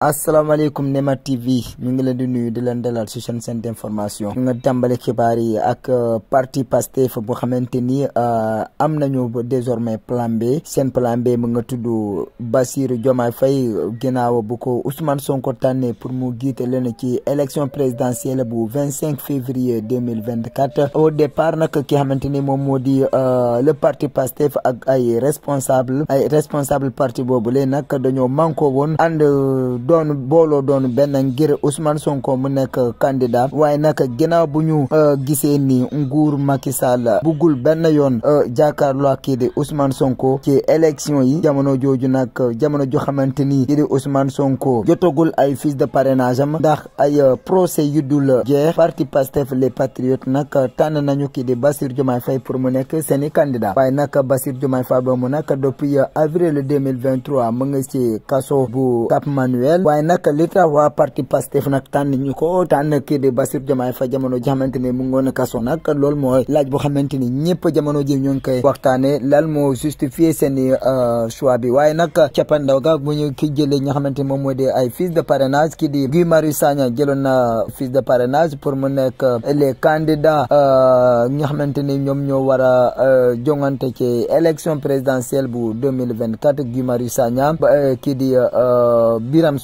asalaamaaleykum Nema TV ñu ngi leen di nuyu di leen dalal ci seen seen d'information nga tàmbali xibaar yi ak euh, parti Pastef bu xamante ni euh, am nañu désormais plan B seen plan B mu nga tudd Bassirou Diomaye fay ginnaaw bu ko Ousmane Sonko tànnee pour mu giite leen ci élection présidentielle bu vingt cinq février deux mille vingt quatre au départ nag ki xamante ni moom moo di euh, le parti Pastef ak ay responsable ay responsable parti boobu lee nag dañoo manko woon ànd. doon booloo doon benn ngir Ousmane Sonko mu nekk candidat waaye nag ginaaw bu ñu euh, gisee ni nguur Macky Sall gul benn yoon euh, jàkkaarloo ak kii di Ousmane Sonko ci élection yi jamono jooju nag jamono ju xamante ni kii di Ousmane Sonko jotagul ay fiches de parrainage am ndax ay euh, procès yu dul jeex parti Pastef les patriotes nag tànn nañu kii di Bassirou Diomaye Faye pour mu nekk seen i candidat waaye nag Bassirou Diomaye Faye ba mu nag depuis avril 2023 mu ngi ci kaso bu Cap waaye nag li tax waa parti Pastef nag tànn ñu ko tànn kii di Bassirou Diomaye Faye jamono ji xamante ne mu ngoon kaso nag loolu mooy laaj boo xamante ni ñëpp jamono ji ñu ngi koy waxtaane lan moo justifier seeni euh, choix bi waaye nag cappandaw ga bu ñu ki jëlee nga xamante ni moom moo di ay fiches de parrainage kii di Guy Marius Sagna jëloon na fiche de parrainage pour mu nekk euh, les candidats euh, ñi nga xamante ni ñoom ñoo war a jongante ci élection présidentielle bu 2024 Guy Marius Sagna kii di Biram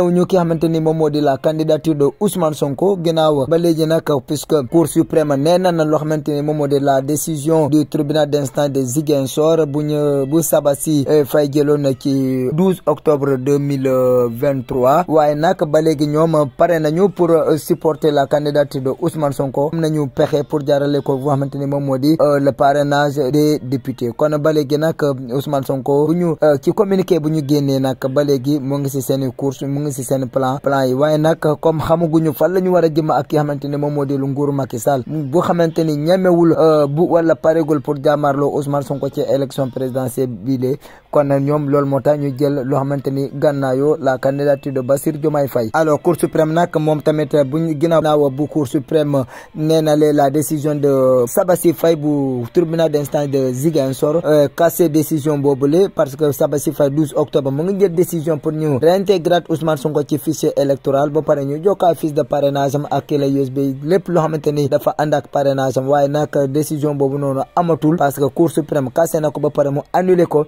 ñëw ñu ki xamante ni moom moo di la candidature de Ousmane Sonko ginnaaw ba léegi nag puisque Cour suprême nee na na loo xamante ni moom moo di la décision du tribunal d'instance de Ziguinchor bu ñu bu Sabassi eh, Faye jëloon ci 12 octobre 2023 waaye nag ba léegi ñoom pare nañu pour eh, supporter la candidature de Ousmane Sonko am nañu pexe pour jaarale ko bu xamante ni moom moo di eh, le parrainage des députés kon ba léegi nag Ousmane Sonko bu ñu ci communiqué bu ñu génnee nag ba léegi mu ngi tamit si seen plan plan yi waaye nag comme xamaguñu fan la ñu war a jëm ak ki xamante ne moom moo di lu nguuru Macky Sall bu xamante ni ñemewul euh, bu wala paregul pour jàmmaarloo Ousmane Sonko ci élection présidentielle bii de kon ñoom loolu moo tax ñu jël loo xamante ni gànnaayoo la candidature de Bassirou Diomaye Faye alors Cour suprême nag moom tamit buñ ginnaaw bu Cour suprême nee na lee la décision de Sabassi Faye bu tribunal d'instance de Ziguinchor euh, cassé décision le parce que Sabassi Faye 12 octobre mu ngi jël décision pour ñu réintégrer Ousmane Sonko ci fichier électoral ba pare ñu jokkaa fiche de parrainage am ak clé USB lépp loo xamante ni dafa ànd ak parrainage waaye nag décision boobu noonu amatul parce que Cour suprême cassé na ko ba pare mu annulé ko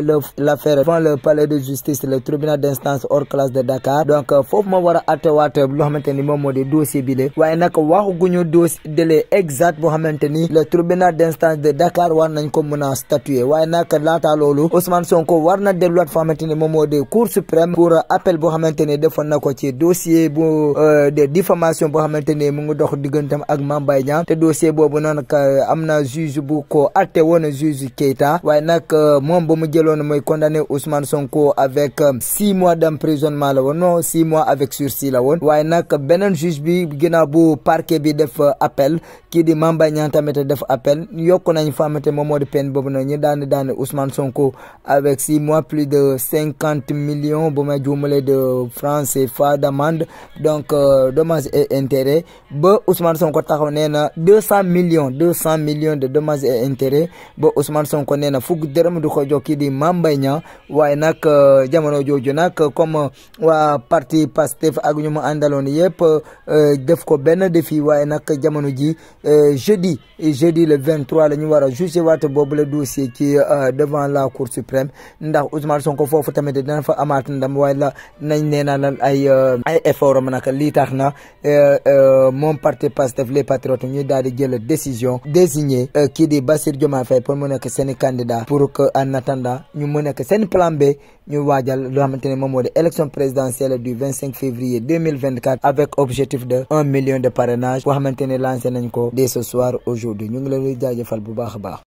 renvoie l'affaire devant le palais de justice le tribunal d'instance hors classe de Dakar donc euh, foofu moo war a attewaat euh, loo xamante moom moo di dossier waaye nag waxuguñu dossier délai exact boo xamante ni le d'instance de Dakar war nañ ko mën a statuer waaye nag laata loolu Ousmane Sonko war na delluwaat foo xamante ni moom moo di cour suprême pour appel boo xamante ni defoon ci dossier bu euh, de diffamation boo xamante ni dox diggantam ak Mame Mbaye te dossier jëloon mooy condamné Ousmane Sonko avec euh, six mois d'emprisonnement la woon non six mois avec sursis la woon waaye nag beneen juge bi ginnaaw bu parquet bi def euh, appel kii di Mame Mbaye Niang tamit def appel yokk nañ famate moom moo di peine boobu noonu ñi daane daane Ousmane Sonko avec six mois plus de cinquante million bu may juumalee de francais CFA d'amende donc euh, dommages et ba Ousmane Sonko taxaw nee na deux cent millions deux cent millions de dommages et intérêts ba Ousmane Sonko nee na fukk dërëm du ko jox kii di Mame Mbaye Niang waaye nag euh, jamono jooju nag comme euh, waa parti Pastef ak ñu mu àndaloon yëpp euh, def ko benn défi waaye nag jamono ji jeudi jeudi le 23 la ñu war a jugé waat boobu le dossier ci devant la Cour suprême ndax Ousmane Sonko foofu tamit dina fa amaat ndam waaye la nañ nee naa lan ay ay effort am nag lii tax na moom parti Pastef les patriotes ñu daal di jël décision désigner kii di Bassirou Diomaye Faye pour mu nekk seeni candidat pour que en ñu mu nekk seen plan B ñu waajal loo xamante ne moom moo di élection présidentielle du 25 février 2024 avec objectif de 1 million de parrainage boo xamante ne lancé nañ ko dès ce soir aujourd'hui ñu ngi leen di jaajëfal bu baax baax.